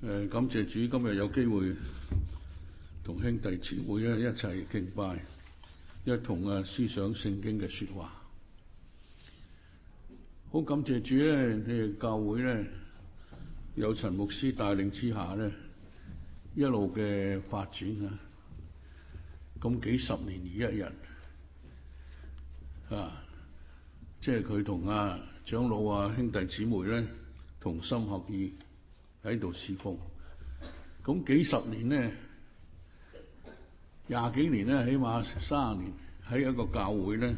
誒，感謝主，今日有機會同兄弟姊妹咧一齊敬拜，一同啊思想聖經嘅說話，好感謝主咧，你哋教會咧有陳牧師帶領之下咧，一路嘅發展啊，咁幾十年而一日啊，即係佢同啊長老啊兄弟姊妹咧同心合意。喺度侍奉，咁幾十年呢，廿幾年咧，起碼三十年喺一個教會咧，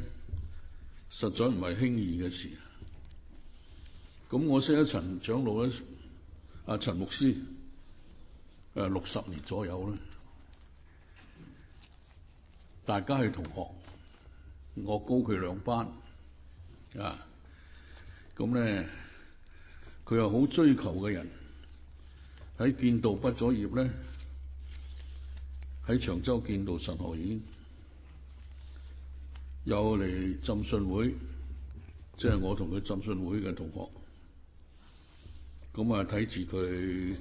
實在唔係輕易嘅事。咁我識咗陳長老咧，阿陳牧師，誒六十年左右啦。大家係同學，我高佢兩班，啊，咁咧，佢又好追求嘅人。喺建道畢咗業咧，喺長洲建道神學院又嚟浸信會，即係我同佢浸信會嘅同學，咁啊睇住佢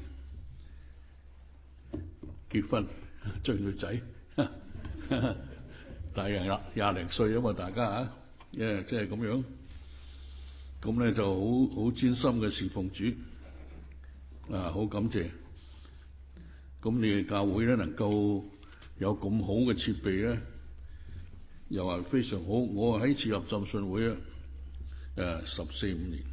結婚，追女仔，大齡啦，廿零歲啊嘛，大家啊，誒，即係咁樣，咁咧就好好專心嘅侍奉主。啊，好感謝！咁你哋教會咧，能夠有咁好嘅設備咧，又係非常好。我喺次立浸信會啊，誒十四五年，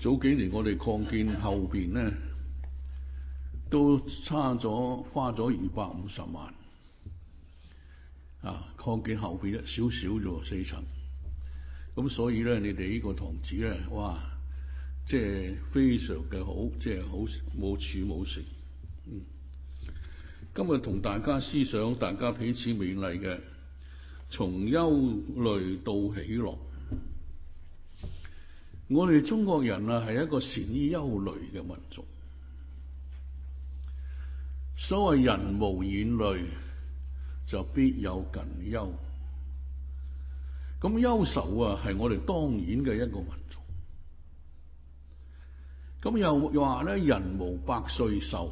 早幾年我哋擴建後邊咧，都差咗花咗二百五十萬啊！擴建後邊一少少咗四層。咁所以咧，你哋呢個堂子咧，哇！即係非常嘅好，即係好冇處冇食。嗯，今日同大家思想，大家彼此勉勵嘅，從憂慮到喜樂。我哋中國人啊，係一個善於憂慮嘅民族。所謂人無遠慮，就必有近憂。咁憂愁啊，係我哋當然嘅一個。咁又又話咧，人無百歲壽，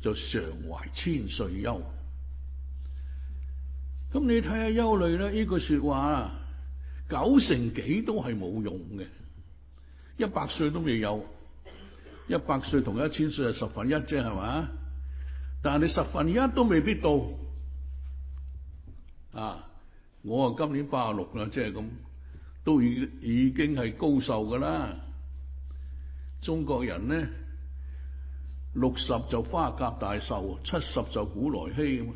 就常懷千歲憂。咁你睇下憂慮咧，呢句說話九成幾都係冇用嘅，一百歲都未有，一百歲同一千歲係十分一啫，係嘛？但係你十分一都未必到。啊，我啊今年八十六啦，即係咁，都已已經係高壽噶啦。中國人咧六十就花甲大壽，七十就古來稀咁，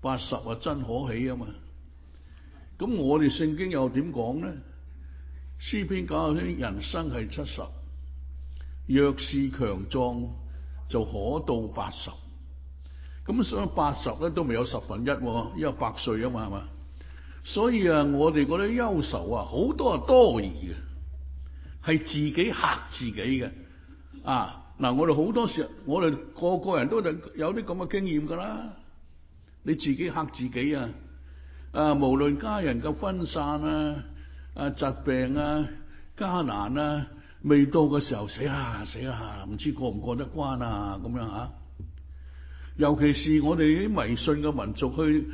八十啊真可喜啊嘛。咁我哋聖經又點講咧？詩篇教人生係七十，若是強壯就可到八十。咁所以八十咧都未有十分一，因為百歲啊嘛係嘛。所以啊，我哋嗰啲憂愁啊，好多係多疑嘅。係自己嚇自己嘅啊！嗱，我哋好多時，我哋個個人都有啲咁嘅經驗㗎啦。你自己嚇自己啊！啊，無論家人嘅分散啊、啊疾病啊、家難啊，未到嘅時候死下、啊、死下、啊，唔知過唔過得關啊？咁樣嚇。尤其是我哋啲迷信嘅民族去，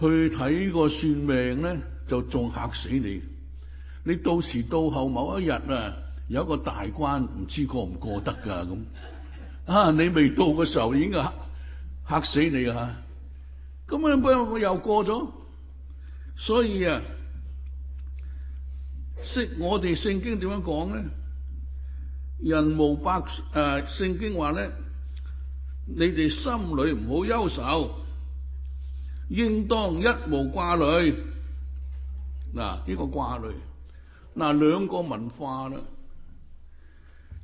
去去睇個算命咧，就仲嚇死你。你到時到後某一日啊，有一個大關，唔知過唔過得噶咁。啊，你未到嘅時候已經吓吓死你啊！咁啊，不又過咗。所以啊，聖我哋聖經點樣講咧？人無百，誒，聖經話咧，你哋心裏唔好憂愁，應當一無掛慮。嗱，呢個掛慮。嗱，兩個文化啦，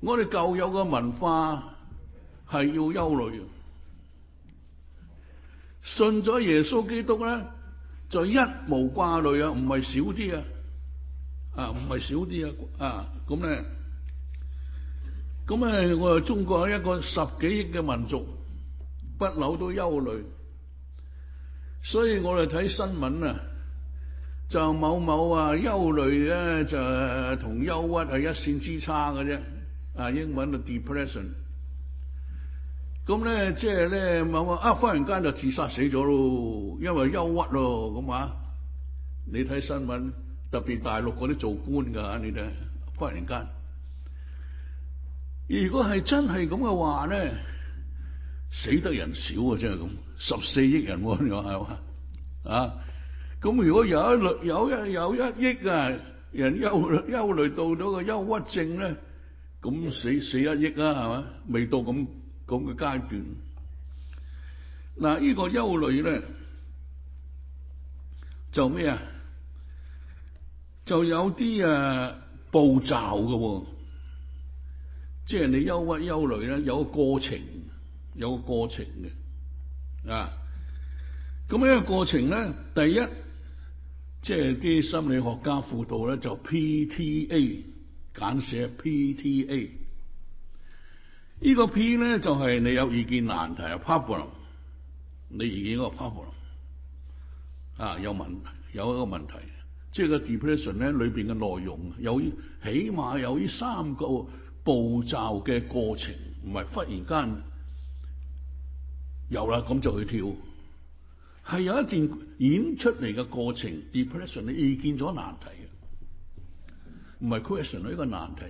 我哋舊有嘅文化係要憂慮嘅，信咗耶穌基督咧就一無掛慮啊，唔係少啲啊，啊唔係少啲啊，啊咁咧，咁咧我哋中國一個十幾億嘅民族不嬲都憂慮，所以我哋睇新聞啊。就某某啊，憂慮咧就同憂鬱係一線之差嘅啫。啊，英文啊，depression。咁咧，即係咧，某啊，一忽然間就自殺死咗咯，因為憂鬱咯，咁啊。你睇新聞，特別大陸嗰啲做官㗎，你睇忽然間。如果係真係咁嘅話咧，死得人少啊！真係咁，十四億人喎，你話係嘛？啊！咁如果有一累有一有一億啊人憂憂慮到咗個憂鬱症咧，咁死死一億啦，係嘛？未到咁咁嘅階段。嗱，呢個憂慮咧就咩啊？就有啲誒暴躁嘅喎，即係你憂鬱憂慮咧，有個過程，有個過程嘅啊。咁呢個過程咧，第一。即係啲心理學家輔導咧，就 PTA 簡寫 PTA。呢、這個 P 咧就係、是、你有意見難題啊，problem。Ula, 你意見個 problem 啊，有問有一個問題，即係個 depression 咧，裏邊嘅內容有起碼有呢三個步驟嘅過程，唔係忽然間有啦，咁就去跳。係有一段演出嚟嘅過程，depression 你遇見咗難題嘅，唔係 question 呢個難題，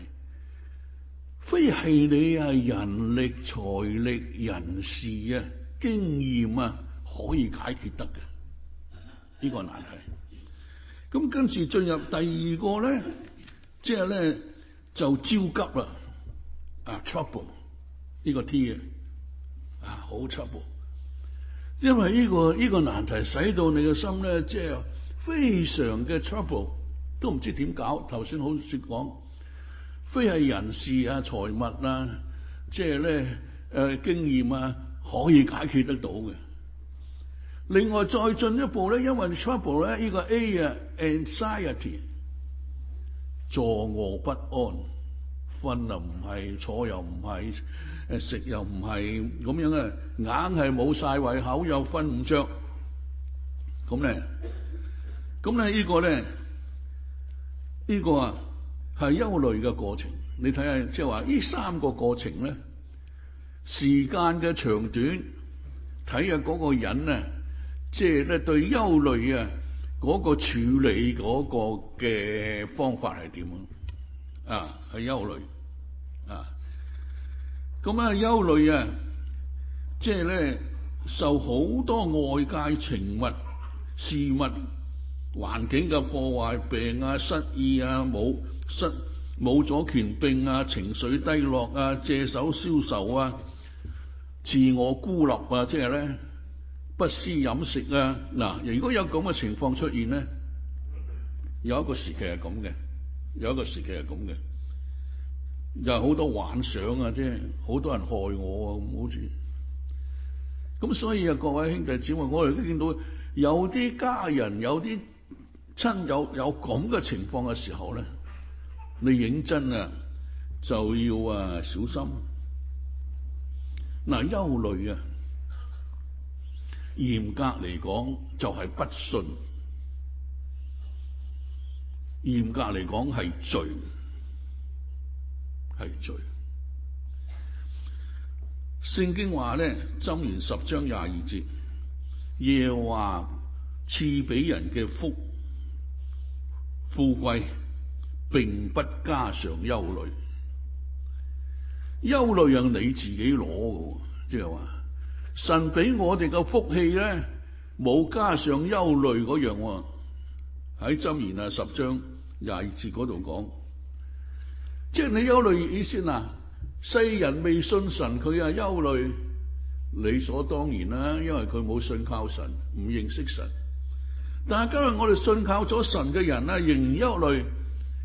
非係你啊人力、財力、人事啊經驗啊可以解決得嘅，呢個難題。咁跟住進入第二個咧，即係咧就焦急啦，啊 trouble 呢個 T 嘅、啊，啊好 trouble。因為呢個呢個難題使到你嘅心咧，即係非常嘅 trouble，都唔知點搞。頭先好似講，非係人事啊、財物啊，即係咧誒經驗啊，可以解決得到嘅。另外再進一步咧，因為 trouble 咧，呢個 A 啊，anxiety，坐臥不安，瞓又唔係，坐又唔係。誒，食又唔係咁樣啊，硬係冇晒胃口，又瞓唔着，咁咧，咁咧呢個咧，呢個啊係憂慮嘅過程。你睇下，即係話呢三個過程咧，時間嘅長短，睇下嗰個人啊，即係咧對憂慮啊嗰個處理嗰個嘅方法係點樣啊？啊，係憂慮啊！咁啊，憂慮啊，即係咧，受好多外界情物、事物、環境嘅破壞病啊、失意啊、冇失冇咗權柄啊，情緒低落啊，借手消愁啊，自我孤立啊，即係咧，不思飲食啊，嗱，如果有咁嘅情況出現咧，有一個時期係咁嘅，有一個時期係咁嘅。又好多幻想啊！即係好多人害我啊，咁好似咁，所以啊，各位兄弟姊妹，我哋都見到有啲家人、有啲親友有咁嘅情況嘅時候咧，你認真啊，就要啊小心。嗱、啊，憂慮啊，嚴格嚟講就係不信，嚴格嚟講係罪。係罪。聖經話咧，箴言，十章廿二節，耶和華賜俾人嘅福富貴，並不加上憂慮。憂慮讓你自己攞嘅，即係話神俾我哋嘅福氣咧，冇加上憂慮嗰樣喎。喺箴言啊十章廿二節嗰度講。即係你憂慮以先啊，世人未信神，佢啊憂慮，理所當然啦，因為佢冇信靠神，唔認識神。但係今日我哋信靠咗神嘅人啊，仍然憂慮，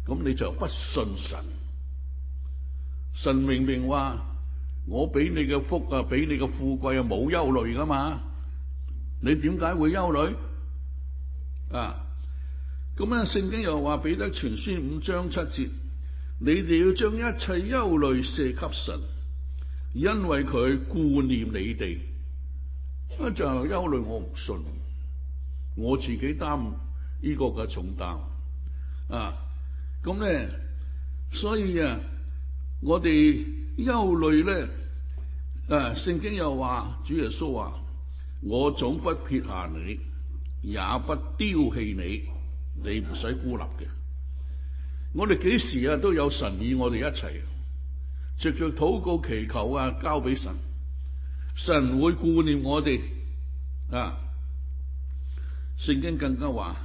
咁你就不信神。神明明話，我俾你嘅福啊，俾你嘅富貴啊，冇憂慮噶嘛，你點解會憂慮？啊，咁咧，聖經又話彼得前書五章七節。你哋要將一切憂慮卸給神，因為佢顧念你哋。啊，就憂慮我唔信，我自己擔呢個嘅重擔啊。咁咧，所以啊，我哋憂慮咧，啊，聖經又話，主耶穌話：我總不撇下你，也不丟棄你，你唔使孤立嘅。我哋幾時啊都有神與我哋一齊，逐着禱告祈求啊，交俾神，神會顧念我哋啊。聖經更加話，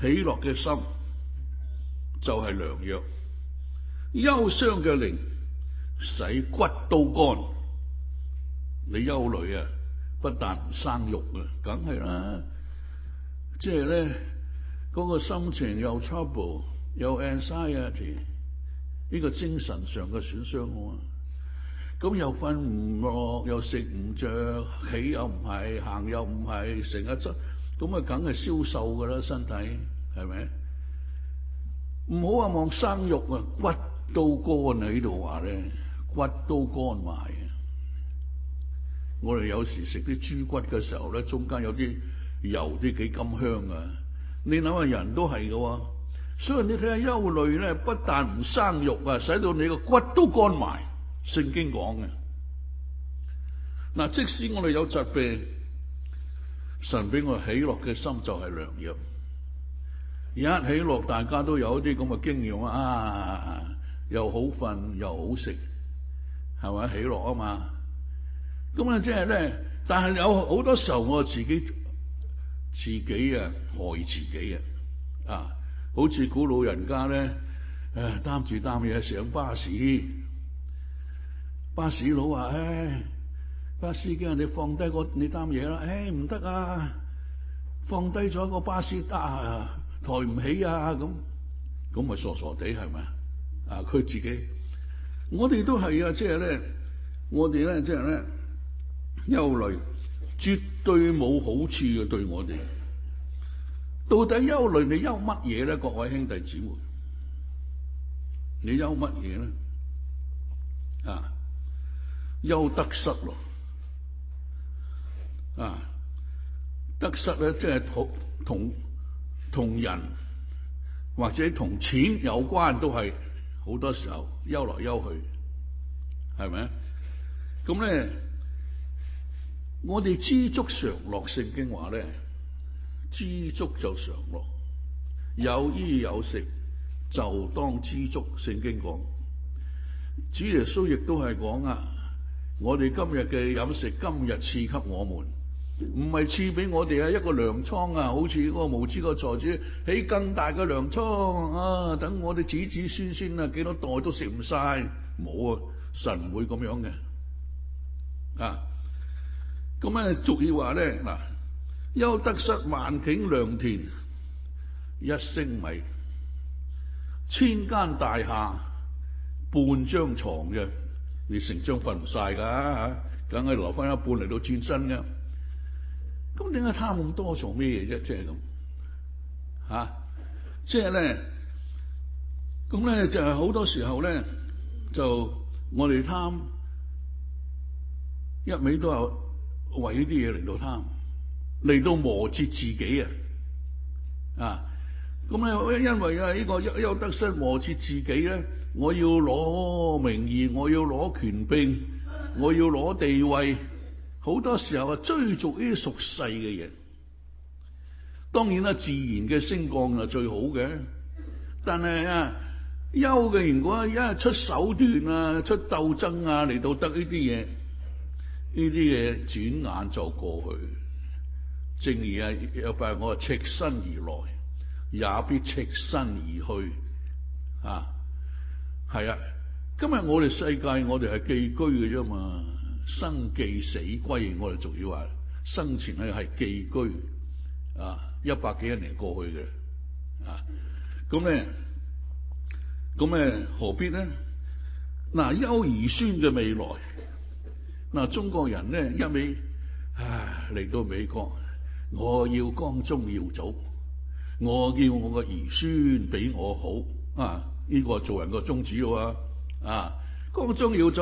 喜樂嘅心就係良藥，憂傷嘅靈使骨都乾。你憂慮啊，不但唔生育啊，梗係啦。即係咧，嗰個心情又 trouble。又 anxiety，呢個精神上嘅損傷啊！嘛，咁又瞓唔落，又食唔着，起又唔係，行又唔係，成日執咁啊，梗係消瘦噶啦，身體係咪？唔好啊！望生肉啊，骨都乾啊！喺度話咧，骨都乾埋啊！我哋有時食啲豬骨嘅時候咧，中間有啲油，啲幾甘香啊！你諗下，人都係嘅喎。所以你睇下，憂慮咧不但唔生肉啊，使到你個骨都乾埋。聖經講嘅嗱，即使我哋有疾病，神俾我喜樂嘅心就係良藥。一喜樂，大家都有一啲咁嘅經驗啊，又好瞓又好食，係咪？喜樂啊嘛，咁啊，即係咧。但係有好多時候，我自己自己啊害自己啊啊！好似古老人家咧，誒擔住擔嘢，上巴士，巴士佬話：唉，巴士司機人哋放低個你擔嘢啦，誒唔得啊，放低咗個巴士得啊，抬唔起啊，咁，咁咪傻傻地係咪啊，佢自己，我哋都係啊，即係咧，我哋咧即係咧，憂慮絕對冇好處嘅對我哋到底憂慮，你憂乜嘢咧？各位兄弟姊妹，你憂乜嘢咧？啊，憂得失咯，啊，得失咧，即係同同同人或者同錢有關，都係好多時候憂來憂去，係咪啊？咁、嗯、咧，我哋知足常樂，聖經話咧。知足就常樂，有衣有食就當知足。聖經講，主耶穌亦都係講啊，我哋今日嘅飲食，今日賜給我們，唔係賜俾我哋啊一個糧倉啊，好似嗰個無知個財主起更大嘅糧倉啊，等我哋子子孫孫啊幾多代都食唔晒，冇啊，神唔會咁樣嘅啊，咁咧俗語話咧嗱，休得失萬頃良田一升米，千間大廈半張床啫，你成張瞓唔晒噶吓，梗係留翻一半嚟到轉身噶。咁點解貪咁多？做咩嘢啫？即係咁吓，即係咧，咁咧就係好多時候咧，就我哋貪一味都係為呢啲嘢嚟到貪。嚟到磨折自己啊！啊咁咧，因為啊呢、呢個一憂得失磨折自己咧、啊，我要攞名義，我要攞權柄，我要攞地位，好多時候啊追逐呢啲俗世嘅嘢。當然啦、啊，自然嘅升降係最好嘅，但係啊憂嘅如果一係出手段啊、出鬥爭啊嚟到得呢啲嘢，呢啲嘢轉眼就過去。正義啊！又話我係赤身而來，也必赤身而去啊！係啊！今日我哋世界，我哋係寄居嘅啫嘛，生寄死歸，我哋仲要話生前咧係寄居啊，一百幾一年過去嘅啊，咁、嗯、咧，咁、嗯、咧、嗯嗯嗯嗯，何必呢？嗱、啊，優兒孫嘅未來，嗱、啊，中國人咧一味唉嚟到美國。我要光宗耀祖，我叫我個兒孫比我好啊！呢個做人個宗旨咯，啊，光宗耀祖，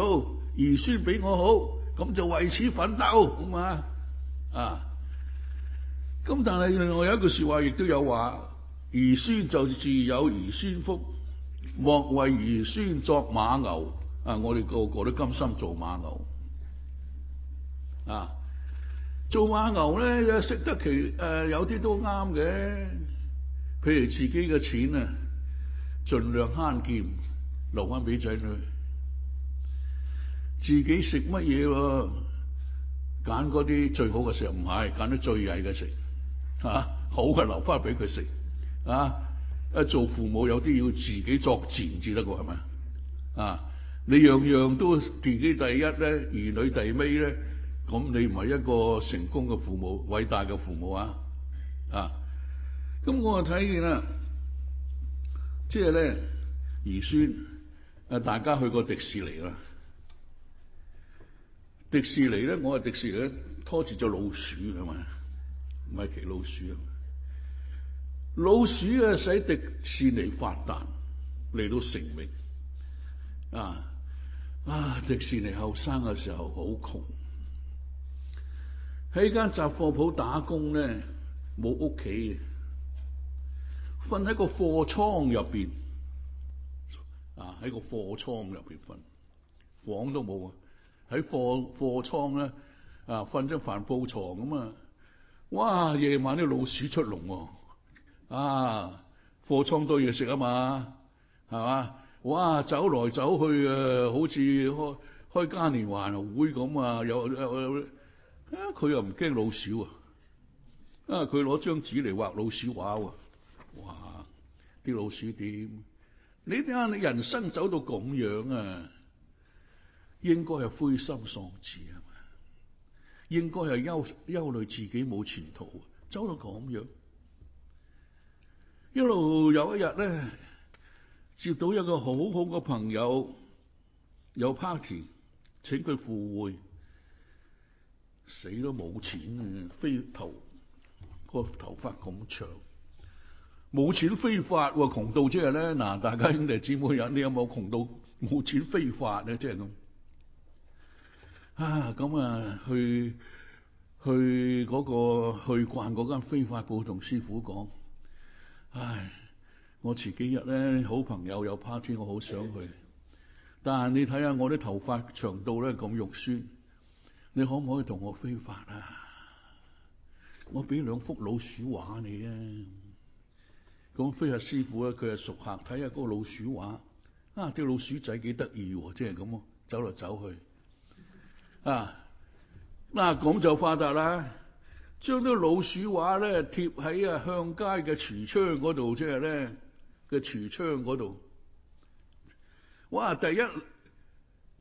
兒孫比我好，咁就為此奮鬥，咁啊，啊，咁但係另外有一句說話，亦都有話，兒孫就自有兒孫福，莫為兒孫作馬牛啊！我哋個個都甘心做馬牛啊。做馬牛咧，識得其誒、呃、有啲都啱嘅，譬如自己嘅錢啊，儘量慳儉留翻俾仔女。自己食乜嘢喎？揀嗰啲最好嘅食物，唔係揀得最曳嘅食嚇、啊。好嘅留翻俾佢食啊！一做父母，有啲要自己作賤至得嘅係咪啊？你樣樣都自己第一咧，兒女第尾咧。咁你唔係一個成功嘅父母，偉大嘅父母啊！啊，咁我啊睇見啦，即係咧兒孫啊，大家去過迪士尼啦。迪士尼咧，我啊迪士尼咧，拖住隻老鼠嘛，唔係米奇老鼠，啊。老鼠啊使迪士尼發達，嚟到成名啊！啊，迪士尼後生嘅時候好窮。喺間雜貨鋪打工咧，冇屋企嘅，瞓喺個貨倉入邊，啊喺個貨倉入邊瞓，房都冇啊！喺貨貨倉咧，啊瞓張帆布床咁啊！哇，夜晚啲老鼠出籠喎、啊，啊貨倉多嘢食啊嘛，係嘛？哇，走來走去嘅，呃，好似開開嘉年華會咁啊！有。有有啊！佢又唔驚老鼠啊！啊！佢攞張紙嚟畫老鼠畫喎，哇！啲老鼠點？你點解你人生走到咁樣啊？應該係灰心喪志啊！應該係憂憂慮自己冇前途，走到咁樣。一路有一日咧，接到一個好好嘅朋友有 party，請佢赴會。死都冇錢啊！飛頭個頭髮咁長，冇錢飛髮喎、啊，窮到即係咧嗱，大家兄弟姊妹人，你有冇窮到冇錢飛髮，啊？咧？即係咁啊！咁啊，去去嗰、那個去慣嗰間飛髮鋪，同師傅講：唉，我前幾日咧好朋友有 party，我好想去，但係你睇下我啲頭髮長度咧咁肉酸。你可唔可以同我飛髮啊？我俾兩幅老鼠畫你啊！咁飛啊，師傅咧，佢係熟客，睇下嗰個老鼠畫啊，啲老鼠仔幾得意，即係咁，走嚟走去啊！嗱、啊，咁就發達啦，將啲老鼠畫咧貼喺啊向街嘅櫥窗嗰度，即係咧嘅櫥窗嗰度。哇！第一。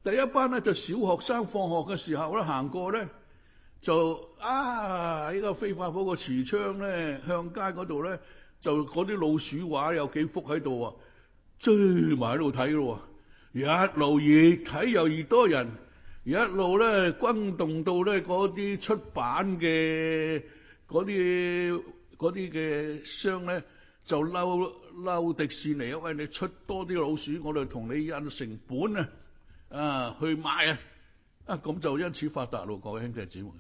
第一班咧就小學生放學嘅時候咧，行過咧就啊呢個非法嗰個櫥窗咧，向街嗰度咧，就嗰啲老鼠畫有幾幅喺度啊，追埋喺度睇咯，一路越睇又越多人，一路咧轟動到咧嗰啲出版嘅嗰啲嗰啲嘅商咧就嬲嬲迪士尼啊！喂，你出多啲老鼠，我哋同你印成本啊！啊，去買啊！啊，咁就因此發達咯，各位兄弟姊妹。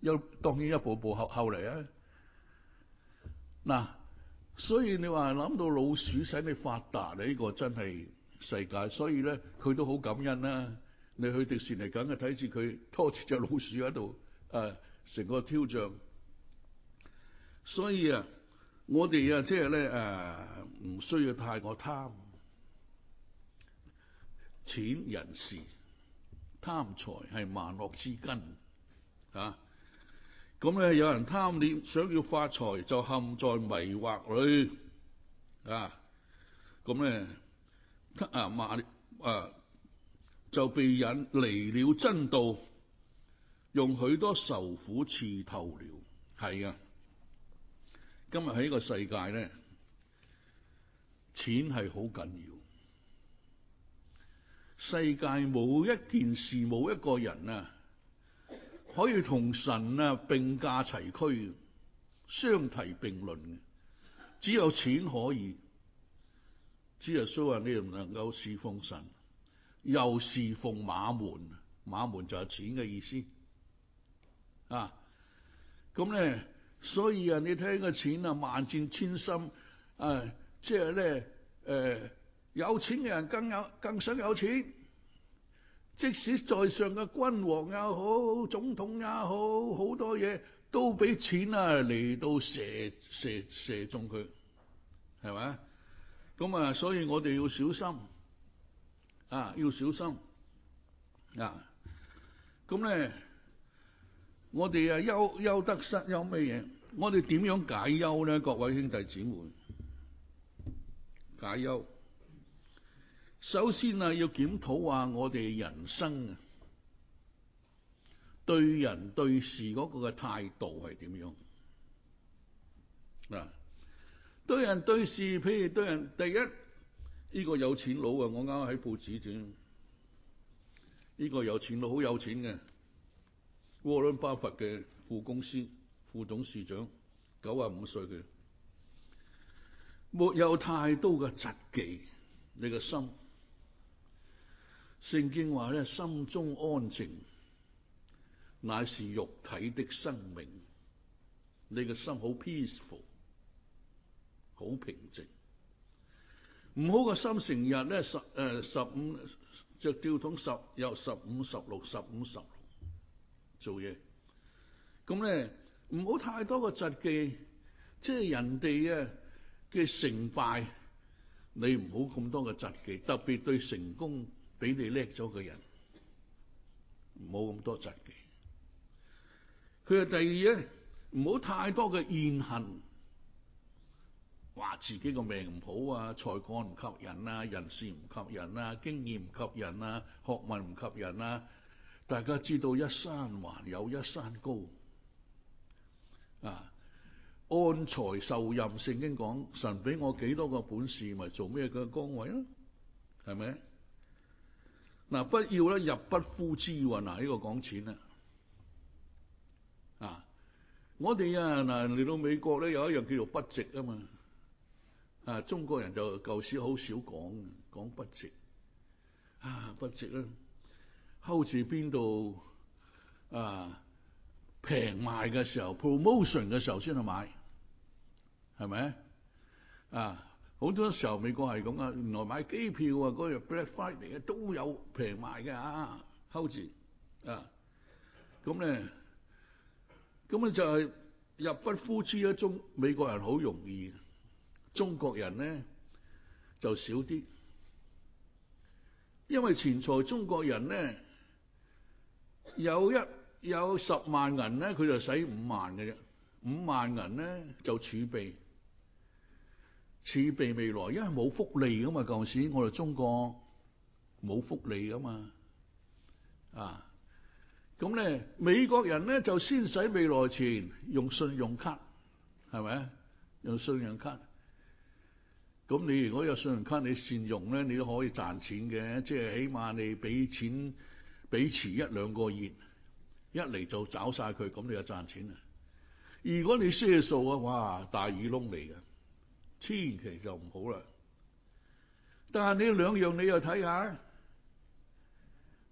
又當然一步一步後後嚟啊。嗱、啊，所以你話諗到老鼠使你發達咧，呢、這個真係世界。所以咧，佢都好感恩啦、啊。你去迪士尼梗係睇住佢拖住隻老鼠喺度，誒、呃，成個挑戰。所以啊，我哋啊，即係咧，誒、呃，唔需要太過貪。錢人士貪財係萬惡之根啊！咁咧，有人貪念，想要發財就陷在迷惑裏啊！咁咧啊萬啊就被引離了真道，用許多愁苦刺透了。係啊！今日喺呢個世界咧，錢係好緊要。世界冇一件事冇一個人啊，可以同神啊並駕齊驅、相提並論嘅，只有錢可以，只係所以話你唔能夠侍奉神，又侍奉馬門，馬門就係錢嘅意思啊。咁咧，所以啊，你聽個錢啊，萬箭千心啊，即係咧誒。呃有錢嘅人更有更想有錢，即使在上嘅君王也好，總統也好，好多嘢都俾錢啊嚟到射射射中佢，係咪？咁啊，所以我哋要小心啊，要小心啊。咁咧，我哋啊憂憂得失，憂咩嘢？我哋點樣解憂咧？各位兄弟姊妹，解憂。首先啊，要檢討下我哋人生啊，對人對事嗰個嘅態度係點樣？嗱，對人對事，譬如對人，第一呢個有錢佬啊，我啱啱喺報紙轉，呢個有錢佬好有錢嘅，沃倫巴佛嘅副公司副董事長，九啊五歲嘅，沒有太多嘅雜技，你嘅心。聖經話咧，心中安靜，乃是肉體的生命。你個心好 peaceful，好平靜。唔好個心成日咧十誒、呃、十五隻吊桶十又十五十六十五十六做嘢，咁咧唔好太多個嫉忌，即係人哋嘅成敗，你唔好咁多嘅嫉忌，特別對成功。俾你叻咗嘅人，唔好咁多疾忌。佢話：第二咧，唔好太多嘅怨恨，話自己個命唔好啊，才幹唔及人啊，人事唔及人啊，經驗唔及人啊，學問唔及人啊。大家知道一山還有一山高啊！按財受任，聖經講神俾我幾多個本事，咪做咩嘅崗位咯？係咪？嗱，不要咧入不敷支喎，嗱，這、呢個講錢啦，啊，我哋啊嗱嚟到美國咧有一樣叫做 budget 啊嘛，啊中國人就舊時好少講嘅，講 budget，啊 budget 啦，好似邊度啊平賣嘅時候 promotion 嘅時候先去買，係咪？啊。好多時候美國係咁啊，原來買機票啊嗰日 Black Friday 都有平賣嘅啊，hold 住啊！咁咧，咁啊就係入不敷支一中美國人好容易，中國人咧就少啲，因為錢財中國人咧有一有十萬銀咧，佢就使五萬嘅啫，五萬銀咧就儲備。儲備未來，因為冇福利噶嘛，舊時我哋中國冇福利噶嘛，啊，咁咧美國人咧就先使未來錢，用信用卡，係咪用信用卡？咁你如果有信用卡，你善用咧，你都可以賺錢嘅，即係起碼你俾錢俾遲一兩個月，一嚟就找晒佢，咁你就賺錢啊！如果你賒數啊，哇，大耳窿嚟嘅。千祈就唔好啦。但係你兩樣你又睇下，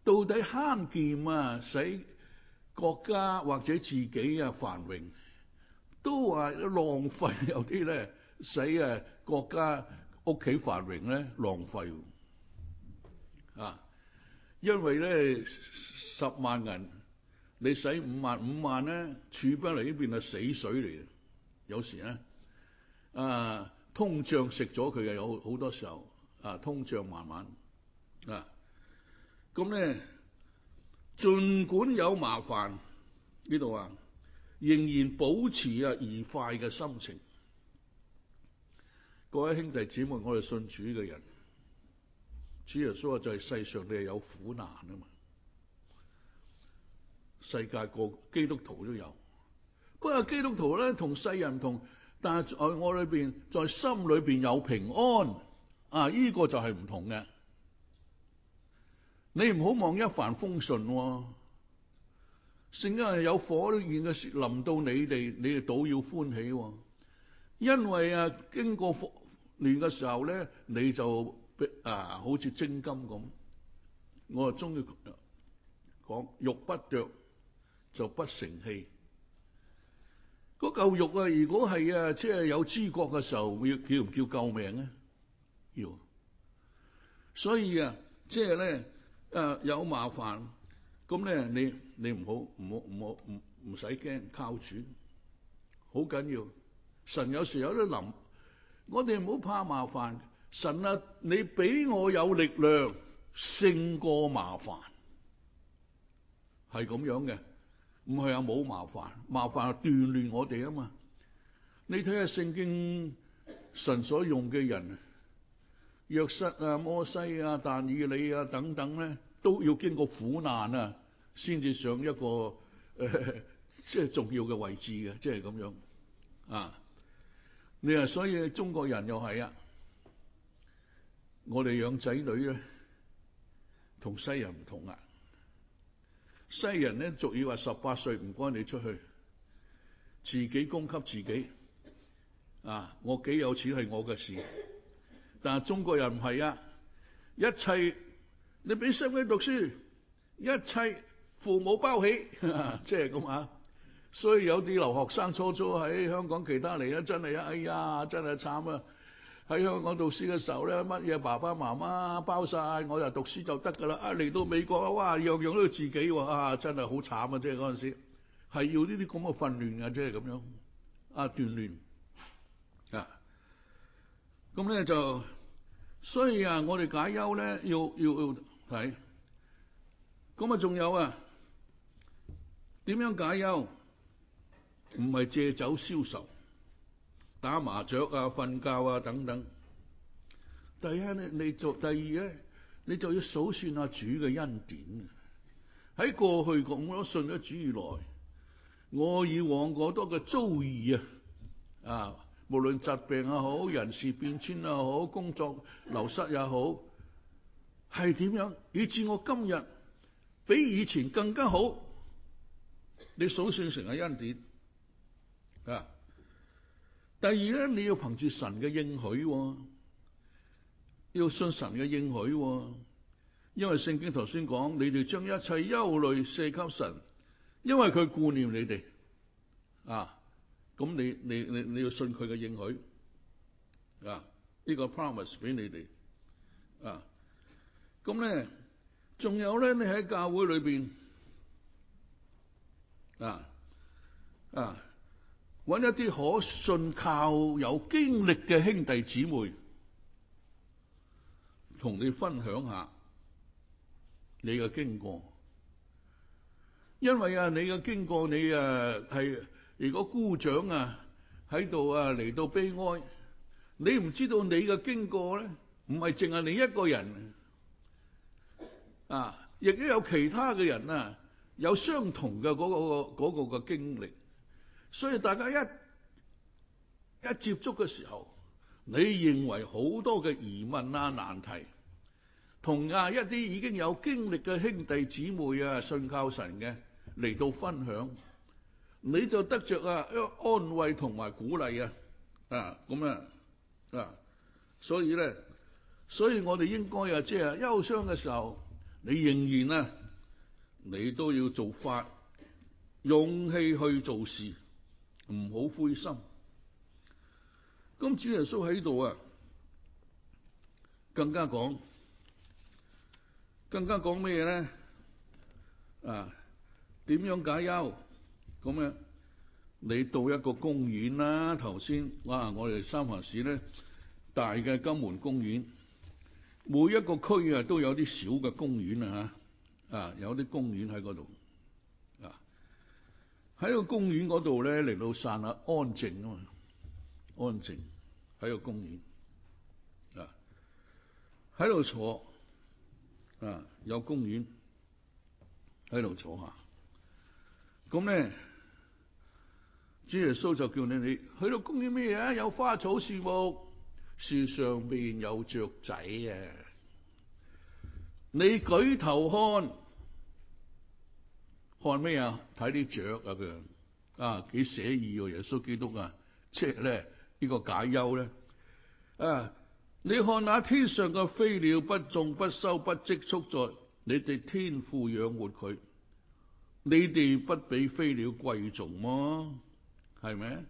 到底慳儉啊，使國家或者自己啊繁榮，都話浪費。有啲咧使誒、啊、國家屋企繁榮咧浪費。啊，因為咧十萬銀你使五萬五萬咧，儲不嚟，呢邊係死水嚟嘅，有時咧啊。通脹食咗佢嘅。有好多時候啊，通脹慢慢啊，咁咧，儘管有麻煩呢度啊，仍然保持啊愉快嘅心情。各位兄弟，姊妹，我哋信主嘅人，主耶穌話就係世上你係有苦難啊嘛，世界各基督徒都有，不過基督徒咧同世人同。但係在我裏邊，在心裏邊有平安啊！依個就係唔同嘅。你唔好望一帆風順，哦，聖經有火焰嘅臨到你哋，你哋倒要歡喜，哦，因為啊，經過火煉嘅時候咧，你就啊，好似精金咁。我啊中意講，玉不琢就不成器。嗰嚿肉啊，如果係啊，即係有知覺嘅時候，要叫唔叫救命咧？要，所以啊，即係咧，誒有麻煩，咁咧你你唔好唔好唔好唔唔使驚，靠主，好緊要。神有時有得諗，我哋唔好怕麻煩。神啊，你俾我有力量勝過麻煩，係咁樣嘅。唔係啊，冇麻煩，麻煩啊鍛煉我哋啊嘛。你睇下聖經神所用嘅人，約瑟啊、摩西啊、但以理啊等等咧，啊，都要經過苦難啊，先至上一個誒，呃，即係重要嘅位置嘅，啊，即係咁樣啊。你啊，所以中國人又係啊，我哋養仔女啊同西人唔同啊。西人咧，俗語話十八歲唔該你出去，自己供給自己。啊，我幾有錢係我嘅事，但係中國人唔係啊，一切你俾細蚊讀書，一切父母包起，即係咁啊。所以有啲留學生初初喺香港其他嚟啊，真係啊，哎呀，真係慘啊！喺香港讀書嘅時候咧，乜嘢爸爸媽媽包晒，我就讀書就得㗎喇。啊，嚟到美國啊，哇，樣樣都要自己喎。啊，真係好慘嘅啫！即係嗰陣時係要呢啲咁嘅訓練嘅，即係咁樣啊鍛鍊啊。咁咧就，所以啊，我哋解憂咧要要要睇。咁啊，仲有啊，點樣解憂？唔係借酒消愁。打麻雀啊、瞓覺啊等等。第一咧，你做第二咧，你就要數算阿主嘅恩典。喺過去咁樣信咗主以來，我以往好多嘅遭遇啊，啊，無論疾病也好、人事變遷也好、工作流失也好，係點樣？以至我今日比以前更加好。你數算成阿恩典啊！第二咧，你要憑住神嘅應許，要信神嘅應許，因為聖經頭先講，你哋將一切憂慮卸給神，因為佢顧念你哋啊。咁你你你你要信佢嘅應許啊，呢個 promise 俾你哋啊。咁咧，仲有咧，你喺教會裏邊啊啊。啊揾一啲可信靠、有經歷嘅兄弟姊妹，同你分享下你嘅經過，因為啊，你嘅經過，你啊係如果姑丈啊喺度啊嚟到悲哀，你唔知道你嘅經過咧，唔係淨係你一個人啊，亦都有其他嘅人啊，有相同嘅嗰個嗰個嘅經歷。所以大家一一接觸嘅時候，你認為好多嘅疑問啊、難題，同啊一啲已經有經歷嘅兄弟姊妹啊，信靠神嘅嚟到分享，你就得着啊一個安慰同埋鼓勵啊，啊咁啊啊，所以咧，所以我哋應該啊，即係憂傷嘅時候，你仍然啊，你都要做法，勇氣去做事。唔好灰心，咁主耶穌喺度啊，更加講，更加講咩咧？啊，點樣解憂？咁、啊、樣，你到一個公園啦。頭先，哇！我哋三藩市咧，大嘅金門公園，每一個區啊都有啲小嘅公園啊嚇，啊有啲公園喺嗰度。喺個公園嗰度咧，嚟到散下安靜啊嘛，安靜喺個公園啊，喺度坐啊，有公園喺度坐下，咁、啊、咧，主耶穌就叫你你去到公園咩嘢啊？有花草樹木，樹上邊有雀仔啊，你舉頭看，看咩啊？睇啲雀啊，佢啊幾寫意啊，耶穌基督啊，即係咧呢個解憂咧啊！你看那天上嘅飛鳥不不不觸觸，不種不收，不積蓄，在你哋天父養活佢，你哋不比飛鳥貴重麼，啊？係咪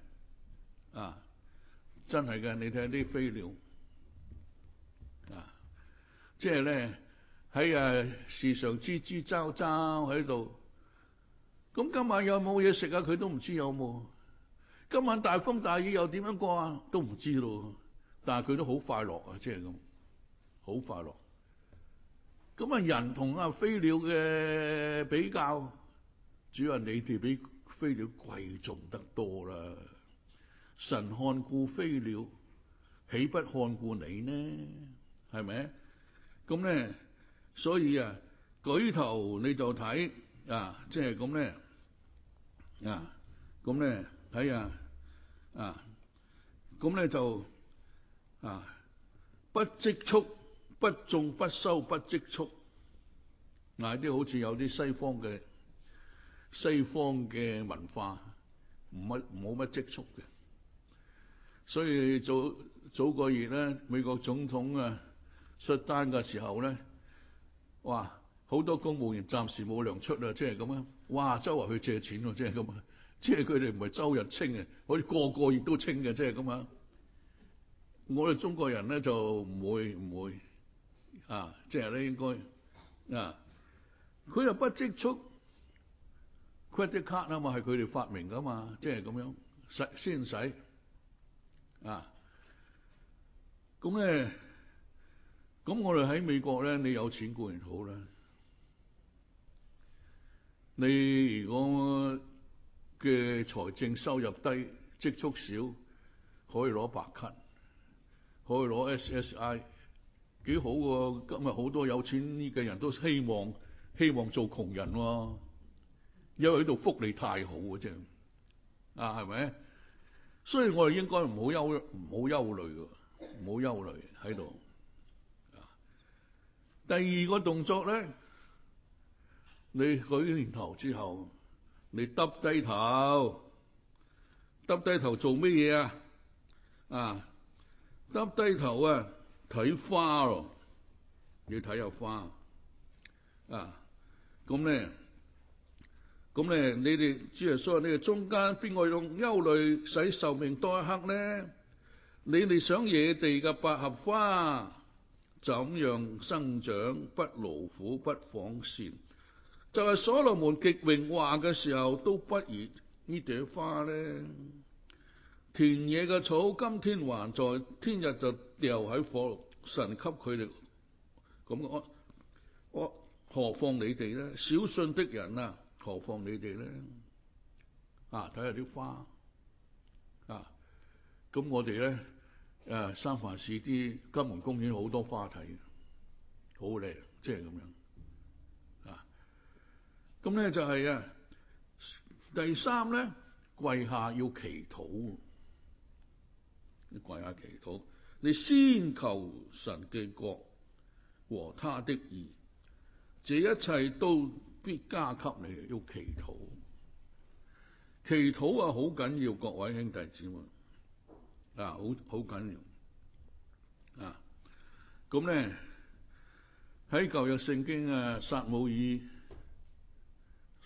啊？真係嘅，你睇啲飛鳥啊，即係咧喺啊時常吱吱喳喳喺度。咁今晚有冇嘢食啊？佢都唔知有冇。今晚大風大雨又點樣過啊？都唔知咯。但係佢都好快樂啊，即係咁，好快樂。咁啊，人同啊飛鳥嘅比較，主要係你哋比飛鳥貴重得多啦。神看顧飛鳥，豈不看顧你呢？係咪？咁咧，所以啊，舉頭你就睇啊，即係咁咧。啊，咁咧睇啊，啊，咁咧就啊不積蓄，不種不收不積蓄，嗌、啊、啲好似有啲西方嘅西方嘅文化，唔乜冇乜積蓄嘅。所以早早個月咧，美國總統啊 shut down 嘅時候咧，哇，好多公務員暫時冇糧出啊，即係咁樣！哇！周圍去借錢喎，即係咁啊！即係佢哋唔係週日清嘅，好似個個月都清嘅，即係咁啊！我哋中國人咧就唔會唔會啊！即係咧應該啊！佢又不積蓄，credit card 啊嘛係佢哋發明噶嘛，即係咁樣使先使啊！咁咧，咁我哋喺美國咧，你有錢固然好啦。你如果嘅財政收入低，積蓄少，可以攞白卡，可以攞 SSI，幾好喎、啊！今日好多有錢嘅人都希望希望做窮人喎、啊，因為喺度福利太好嘅啫，啊係咪？所以我哋應該唔好憂唔好憂慮嘅，唔好憂慮喺度、啊。第二個動作咧。你舉完頭之後，你耷低頭，耷低頭做乜嘢啊？啊，耷低頭啊，睇花咯，你要睇下花啊。咁咧，咁咧，你哋主耶穌話：你哋中間邊個用憂慮使壽命多一刻咧？你哋想野地嘅百合花，怎樣生長？不勞苦，不紡線。就係所羅門極榮華嘅時候，都不如呢朵花咧。田野嘅草，今天還在，聽日就掉喺火爐。神給佢哋，咁我我何況你哋咧？小信的人啊，何況你哋咧？啊，睇下啲花啊！咁我哋咧，誒、啊，三藩市啲金門公園好多花睇，好靚，即係咁樣。咁咧就係啊，第三咧跪下要祈禱，跪下祈禱，你先求神嘅國和他的義，這一切都必加給你。要祈禱，祈禱啊，好緊要，各位兄弟姊妹，啊，好好緊要啊！咁咧喺舊約聖經啊，撒母耳。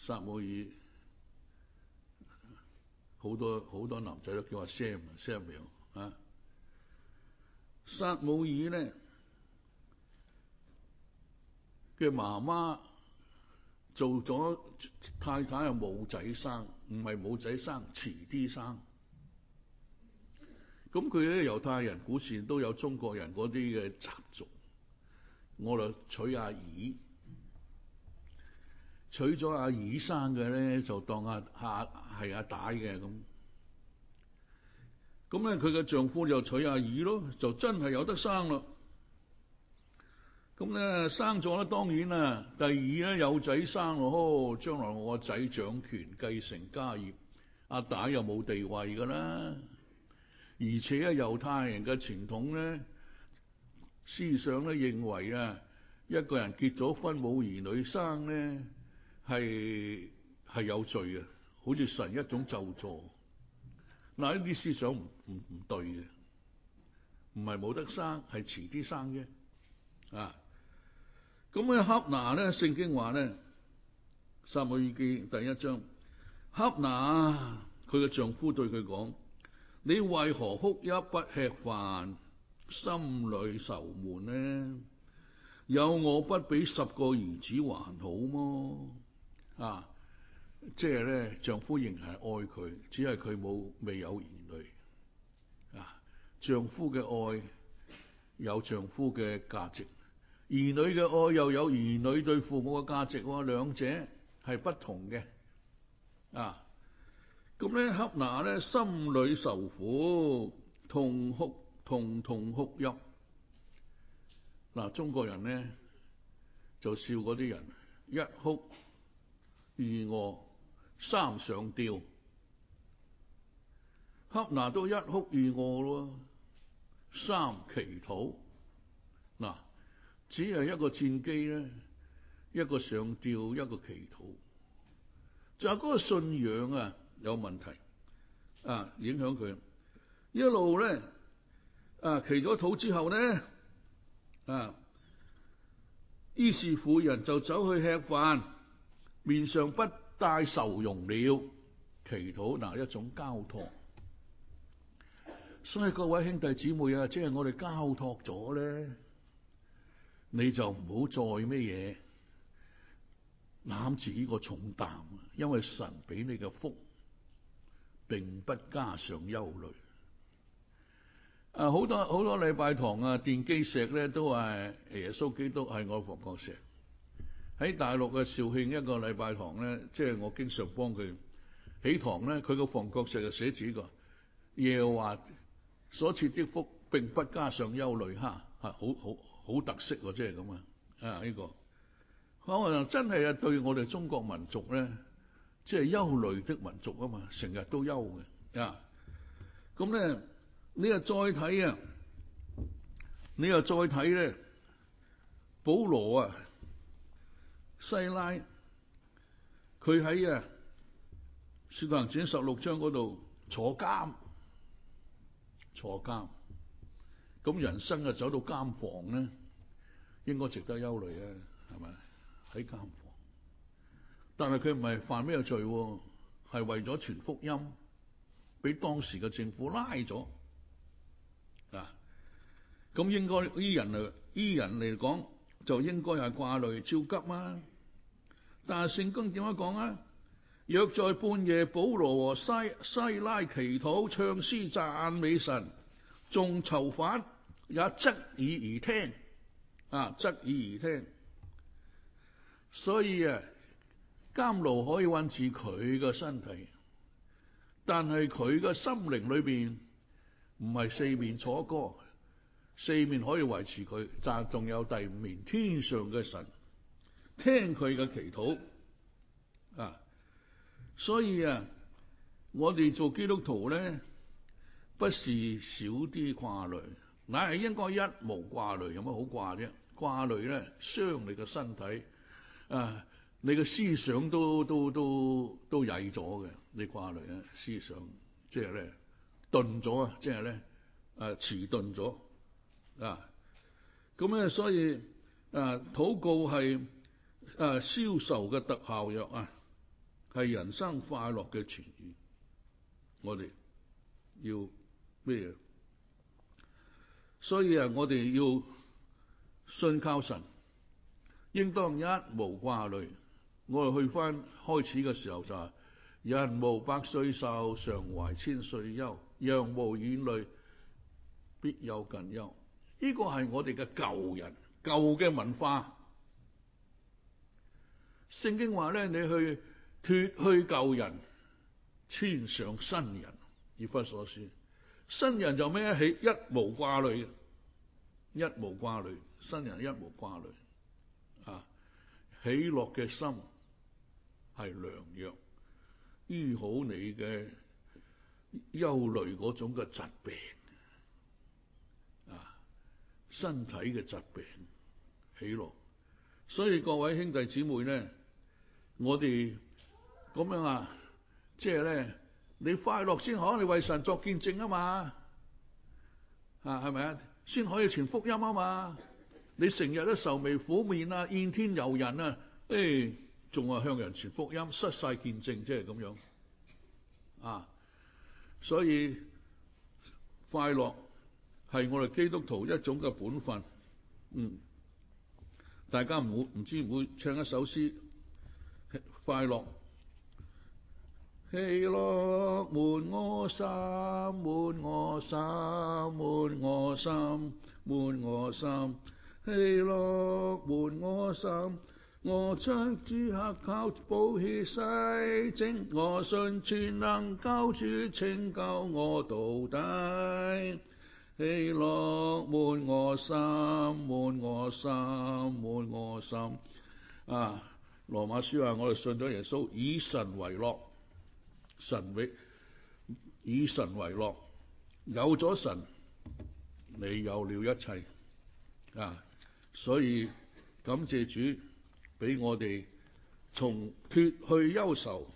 撒母耳，好多好多男仔都叫阿 Sam，Sam 苗啊！撒母耳呢，佢嘅媽媽做咗太太，又冇仔生，唔係冇仔生，遲啲生。咁佢咧，猶太人古時都有中國人嗰啲嘅習俗，我嚟娶阿兒。娶咗阿姨生嘅咧，就當阿下係阿大嘅咁。咁咧，佢嘅丈夫就娶阿姨咯，就真係有得生咯。咁咧生咗咧，當然啦。第二咧有仔生喎，將來我個仔掌權繼承家業，阿大又冇地位噶啦。而且咧猶太人嘅傳統咧思想咧認為啊，一個人結咗婚冇兒女生咧，係係有罪嘅，好似神一種咒詛。嗱，呢啲思想唔唔唔對嘅，唔係冇得生，係遲啲生啫。啊，咁啊，哈拿咧，聖經話咧，《撒母耳記》第一章，哈拿，佢嘅丈夫對佢講：，你為何哭泣不吃飯，心裏愁悶呢？有我不比十個兒子還好麼？啊！即係咧，丈夫仍係愛佢，只係佢冇未有兒女。啊！丈夫嘅愛有丈夫嘅價值，兒女嘅愛又有兒女對父母嘅價值喎，哦。兩者係不同嘅。啊！咁咧，哈拿咧，心裏受苦，痛哭痛痛哭泣。嗱、啊，中國人咧就笑嗰啲人一哭，二餓，三上吊，黑拿都一哭二餓咯，三祈禱，嗱，只係一個戰機咧，一個上吊，一個祈禱，就係嗰個信仰啊有問題，啊影響佢一路咧，啊祈咗禱之後咧，啊，於是婦人就走去吃飯。面上不帶愁容了，祈禱嗱，一種交託，所以各位兄弟姊妹啊，即係我哋交託咗咧，你就唔好再咩嘢攬自己個重擔，因為神俾你嘅福，並不加上憂慮。啊，好多好多禮拜堂啊，奠基石，咧都話耶穌基督係我房角石。喺大陸嘅肇慶一個禮拜堂咧，即係我經常幫佢起堂咧。佢個房角石就寫住呢個，耶和華所賜的福並不加上憂慮，嚇係好好好特色喎，啊，即係咁啊啊呢、這個，可、啊、能真係啊對我哋中國民族咧，即係憂慮的民族啊嘛，成日都憂嘅啊。咁咧你又再睇啊，你又再睇咧，保羅啊。西拉佢喺啊《使徒行傳》十六章嗰度坐監坐監，咁人生啊走到監房咧，應該值得憂慮啊，係咪喺監房？但係佢唔係犯咩罪，係為咗傳福音，俾當時嘅政府拉咗啊。咁應該依人嚟依人嚟講，就應該係掛慮焦急啊！但係聖經點樣講啊？若在半夜，保羅和西西拉祈禱、唱詩讚美神，眾囚犯也側耳而聽，啊，側耳而聽。所以啊，監牢可以困住佢嘅身體，但係佢嘅心靈裏邊唔係四面楚歌，四面可以維持佢，但仲有第五面，天上嘅神。聽佢嘅祈禱啊！所以啊，我哋做基督徒咧，不是少啲掛慮，乃、啊、係應該一無掛慮。有乜好掛啫？掛慮咧，傷你嘅身體，啊，你嘅思想都都都都曳咗嘅。你掛慮咧，思想即係咧頓咗、就是呃、啊，即係咧誒遲鈍咗啊。咁咧，所以誒禱、啊、告係。啊！消愁嘅特效藥啊，係人生快樂嘅泉源。我哋要咩啊？所以啊，我哋要信靠神，應當一無掛慮。我哋去翻開始嘅時候就係、是：人無百歲壽，常懷千歲憂；若無遠慮，必有近憂。呢個係我哋嘅舊人、舊嘅文化。聖經話咧，你去脱去舊人，穿上新人。以弗所書，新人就咩起？一無掛慮，一無掛慮。新人一無掛慮，啊，喜樂嘅心係良藥，醫好你嘅憂慮嗰種嘅疾病，啊，身體嘅疾病，喜樂。所以各位兄弟姊妹咧，我哋咁樣啊，即係咧，你快樂先可，你為神作見證啊嘛，啊係咪啊？先可以傳福音啊嘛，你成日都愁眉苦面啊，怨天尤人啊，誒、哎，仲話向人傳福音，失晒見證，即係咁樣啊，啊。所以快樂係我哋基督徒一種嘅本分，嗯。大家唔會唔知唔會唱一首詩，快樂，喜樂滿我心，滿我心，滿我心，滿我心，喜樂滿我心。我將諸客靠寶器洗淨，我信全能教主拯救我到底。」喜樂滿我心，滿我心，滿我心。啊，羅馬書話：我哋信咗耶穌，以神為樂，神為以神為樂。有咗神，你有了一切。啊，所以感謝主俾我哋從脱去憂愁，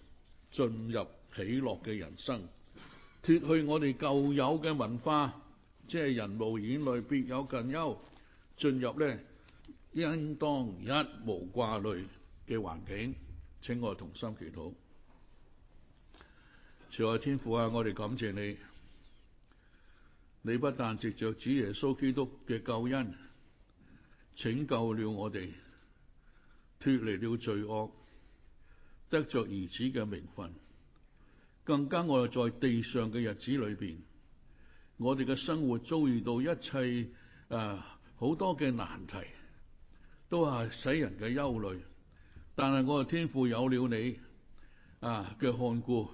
進入喜樂嘅人生，脱去我哋舊有嘅文化。即係人無遠慮，必有近憂。進入呢，應當一無掛慮嘅環境。請我同心祈禱。慈愛天父啊，我哋感謝你。你不但藉着主耶穌基督嘅救恩拯救了我哋，脫離了罪惡，得着兒子嘅名分，更加我哋在地上嘅日子裏邊。我哋嘅生活遭遇到一切誒好、呃、多嘅難題，都係使人嘅憂慮。但係我嘅天父有了你啊嘅看顧啊、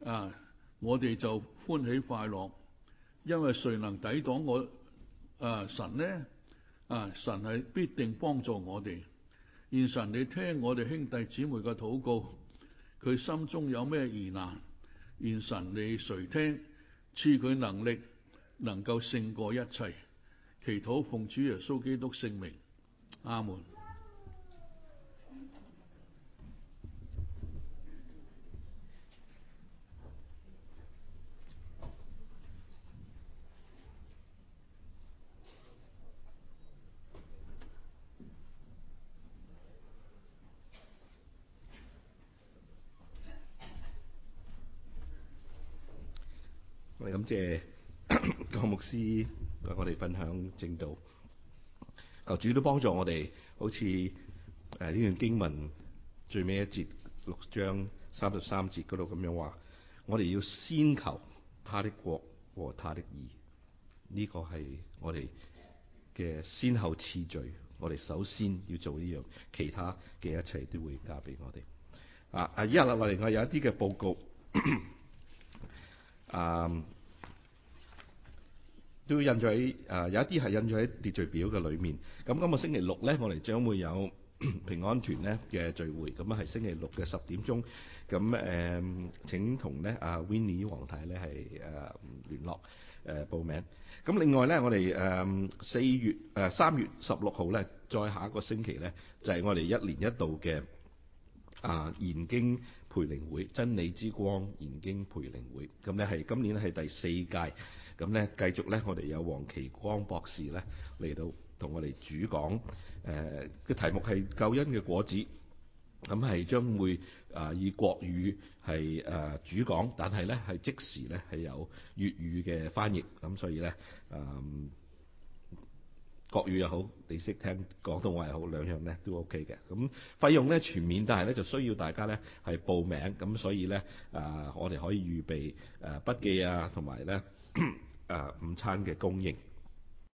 呃，我哋就歡喜快樂。因為誰能抵擋我誒、呃、神呢？啊、呃、神係必定幫助我哋。願神你聽我哋兄弟姊妹嘅禱告，佢心中有咩疑難，願神你垂聽。賜佢能力，能夠勝過一切。祈禱奉主耶穌基督聖名，阿門。即係鄺 牧師同我哋分享正道，求主都幫助我哋。好似誒呢段經文最尾一節六章三十三節嗰度咁樣話，我哋要先求他的國和他的義。呢個係我哋嘅先後次序。我哋首先要做呢樣，其他嘅一切都會交俾我哋。啊下我 啊！一啦，另外有一啲嘅報告啊。都印在誒、呃，有一啲係印在喺秩序表嘅裏面。咁今個星期六咧，我哋將會有 平安團咧嘅聚會。咁啊係星期六嘅十點鐘。咁誒、呃，請同咧阿、啊、Winnie 王太咧係誒聯絡誒、呃、報名。咁另外咧，我哋誒，四、呃、月誒，三月十六號咧，再下一個星期咧，就係、是、我哋一年一度嘅啊研經培靈會，真理之光研經培靈會。咁咧係今年係第四屆。咁咧，繼續咧，我哋有黃奇光博士咧嚟到同我哋主講，誒、呃、嘅題目係救恩嘅果子，咁、嗯、係將會啊以國語係誒主講，但係咧係即時咧係有粵語嘅翻譯，咁、嗯、所以咧誒、嗯、國語又好，你識聽廣東話又好，兩樣咧都 OK 嘅。咁、嗯、費用咧全面呢，但係咧就需要大家咧係報名，咁所以咧啊、呃，我哋可以預備誒、呃、筆記啊，同埋咧。誒、uh, 午餐嘅供應。